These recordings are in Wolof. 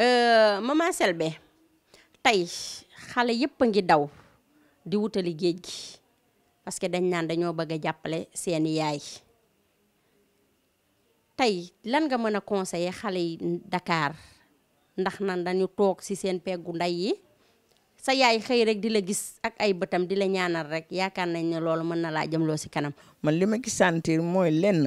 Euh, Mama Selbé tey xale yëpp a ngi daw di wutali géej gi parce que dañ naan dañoo bëgg a jàppale seeni yaay tey lan nga mën a conseiller xale yi Dakar ndax nan dañu toog ci seen peggu ndey yi sa yaay xëy rek di la gis ak ay bëtam di la ñaanal rek yaakaar nañ ne loolu mën na laa jëmloo ci kanam. man li ma gis sentir mooy lenn.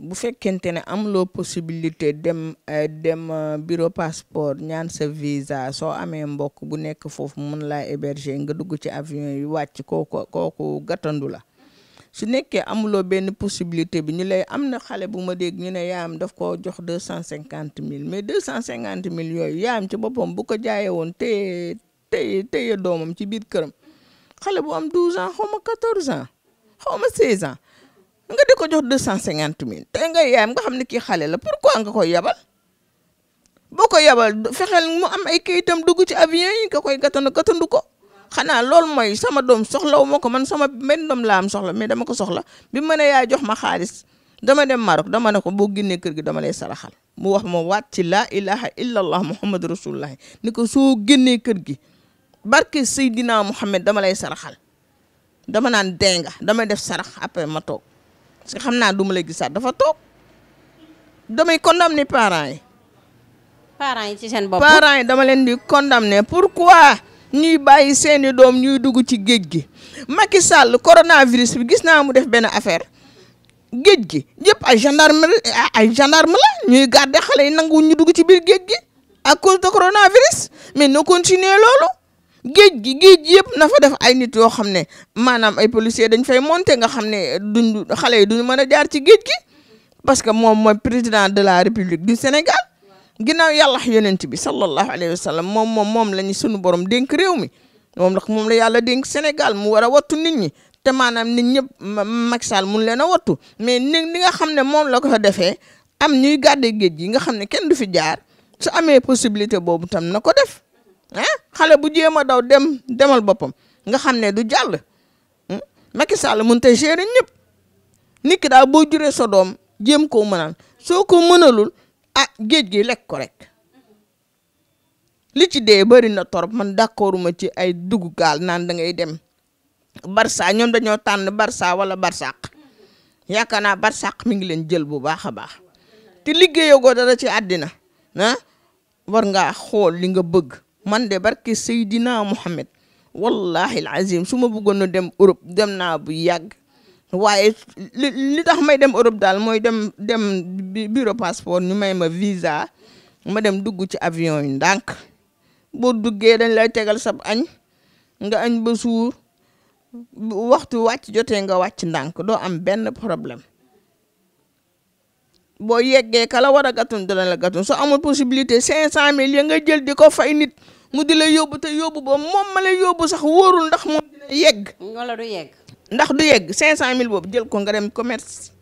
bu fekkente ne amuloo possibilité dem euh, dem euh, bureau passeport ñaan sa visa soo amee mbokk bu nekk foofu mun laa héberger nga dugg ci avion yu wàcc ko kooku gàttandu la su nekkee amuloo benn possibilité bi ñu lay am na xale bu ma dégg ñu ne yaam daf ko jox deux cent cinquante mille mais deux cent cinquante mille yooyu yaam ci boppam bu ko jaayee woon téye téye téye doomam ci biir këram xale bu am douze ans xaw ma quatorze ans xaw ma seize ans nga di ko jox deux cent cinquante mille te nga yaayam nga xam ne kii xale la pourquoi nga koy yabal boo ko yabal fexeel mu am ay kayitam dugg ci avion yi nga koy gàttandu gàttandu ko xanaa loolu mooy sama doom soxlawu ma ko man sama benn doom laa am soxla mais dama ko soxla bi ma ne jox ma xaalis dama dem Maroc dama ne ko boo génnee kër gi dama lay saraxal mu wax ma waat ci laa ilaha illallah muhammadu rasulullah ni ko soo génnee kër gi barke Seydina Muhammad dama lay saraxal dama naan denga dama def sarax après ma parce que xam naa duma ma la gisaat dafa toog damay condamner parents yi. parents yi ci seen bopp. yi dama leen di condamner pourquoi ñii bàyyi seeni doom ñuy dugg ci géej gi Macky Sall coronavirus bi gis naa mu def benn affaire géej gi yëpp ay gendarme ay gendarme la ñuy garder xale yi nangu ñu dugg ci biir géej gi à cause de coronavirus mais no continuer loolu. géej gi géej yëpp na fa def ay nit yoo xam ne maanaam ay policier dañ fay monter nga xam ne duñ xale yi duñ mën a jaar ci géej gi parce que moom mooy président de la république du Sénégal ginnaaw yàlla yonent bi sallallahu alayhi wa sallam moom moom moom la ñu sunu borom dénk réew mi moom la moom la yàlla dénk Sénégal mu war a wattu nit ñi te maanaam nit ñëpp Macky Sall mun leen a wattu mais ni li nga xam ne moom la ko fa defee am ñuy gàddee géej gi nga xam ne kenn du fi jaar su amee possibilité boobu tam na ko def. ah xale bu jéem a daw dem demal boppam nga xam ne du jàll hmm? Macky Sall mën te gérer ñëpp nit ki daal boo juree sa doom jéem koo mënal soo ko mënalul ah géej gi lekk ko rek li ci dee bëri na torop man d'accorduma ci ay dugg gaal naan da ngay dem Barça ñoom dañoo tànn Barça wala Barsaq yaakaar naa Barsaq mi ngi leen jël bu baax a baax te liggéeyagoo dara ci àddina ah war ngaa xool li nga bëgg. man de barke Seydina Mohamed wallahi alazim su ma bëggoon a dem Europe dem naa bu yàgg waaye li tax may dem Europe daal mooy dem dem bureau passeport ñu may ma visa ma dem dugg ci avion yi ndànk boo duggee dañ lay tegal sab añ nga añ ba suur waxtu wàcc jotee nga wàcc ndànk doo am benn problème boo yeggee la war a gàttun dana la gàttun soo amul possibilité cinq cent mille ya nga jël di ko fay nit mu di la yóbbu te yóbbu ba moom ma la yóbbu sax wóorul ndax moom dina yegg wala du yegg ndax du yegg cinq cent mille boobu jël ko nga dem commerce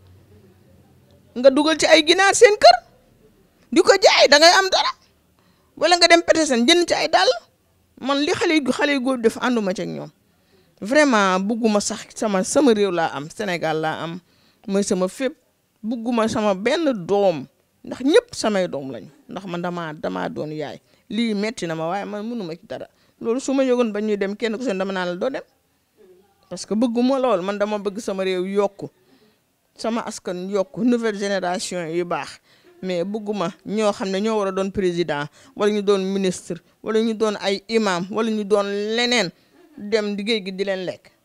nga dugal ci ay ginaar seen kër di ko jaay da ngay am dara wala nga dem pete seen jënd ci ay dàll man li xale yu xale yu góor def ànduma ci ak ñoom vraiment bugguma sax sama sama réew laa am Sénégal laa am mooy sama fépp bugguma sama benn doom ndax ñëpp samay doom lañu ndax man damaa damaa doon yaay lii metti na ma waaye man mënuma ci dara loolu su ma yëgoon ba ñuy dem kenn ku seen dama naan la doo dem parce que bëgguma lool man dama bëgg sama réew yokku sama askan yokku nouvelle génération yi baax mais bëgguma ñoo xam ne ñoo war a doon président wala ñu doon ministre wala ñu doon ay imam wala ñu doon leneen dem liggéey gi di leen lekk